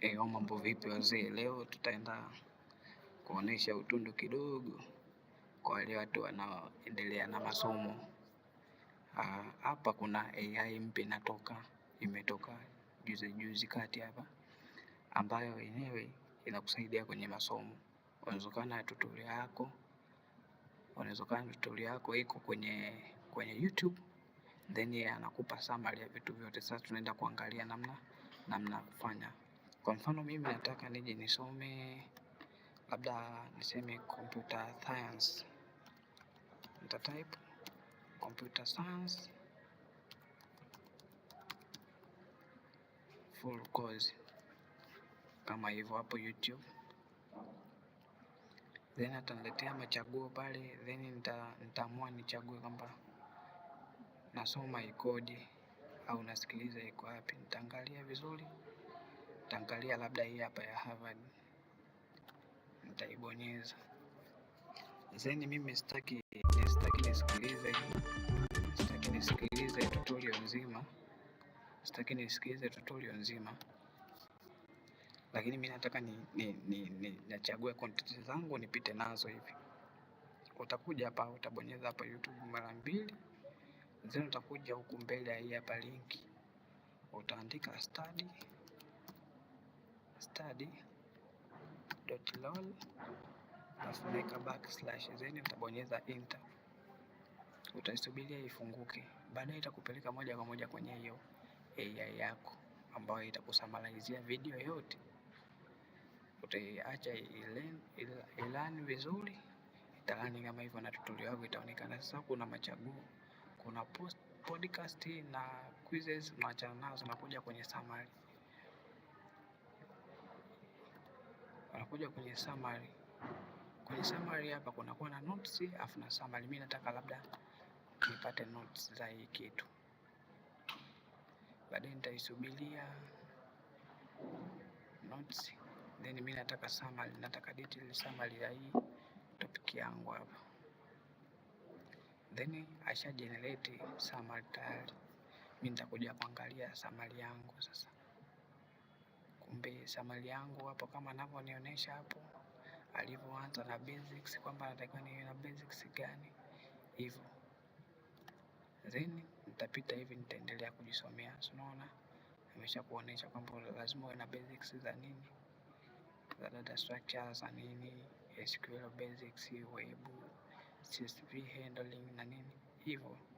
Eh, mambo vipi wazee? Leo tutaenda kuonesha utundu kidogo kwa wale watu wanaoendelea na masomo. Ah, hapa kuna AI mpya inatoka, imetoka juzi juzi kati hapa, ambayo yenyewe inakusaidia kwenye masomo. Unawezekana tutorial yako unawezekana tutorial yako iko kwenye kwenye YouTube then yeye anakupa summary ya vitu vyote. Sasa tunaenda kuangalia namna namna kufanya kwa mfano mimi nataka nije nisome labda niseme computer science. type computer science full course kama hivyo hapo YouTube, then ataniletea machaguo pale, then nitaamua nichague kwamba nasoma ikodi au nasikiliza iko wapi. Nitaangalia vizuri nitaangalia labda hii hapa ya Harvard nitaibonyeza. Zeni mimi sitaki sitaki nisikilize sitaki nisikilize tutorial nzima sitaki nisikilize tutorial nzima, lakini mimi nataka ni, ni, ni, ni nachague content zangu nipite nazo hivi. Utakuja hapa utabonyeza hapa YouTube mara mbili, zeni utakuja huku mbele ya hii hapa linki utaandika study study.lol alafu naeka backslash zeni, utabonyeza enter, utaisubiria ifunguke. Baadaye itakupeleka moja kwa moja kwenye hiyo AI yako ambayo itakusamalizia video yote. Utaiacha ilani vizuri, italani kama hivyo, na tutorial yako itaonekana. Sasa kuna machaguo, kuna post podcast na quizzes, unaachana nazo, unakuja kwenye summary. unakuja kwenye summary. Kwenye summary hapa kunakuwa na notes afu na summary. Mimi nataka labda nipate notes za hii kitu, baadaye nitaisubiria notes, then mimi nataka summary, nataka detail summary ya hii topic yangu hapa, then asha generate summary tayari. Mimi nitakuja kuangalia summary yangu sasa. Kumbe shamali yangu hapo kama anavyonionyesha hapo alivyoanza na basics kwamba natakiwa niwe na basics gani hivyo, then nitapita hivi, nitaendelea kujisomea. Unaona, amesha kuonyesha kwamba lazima uwe na basics za nini, za data structure, za nini, SQL basics, web, CSV handling na nini hivyo.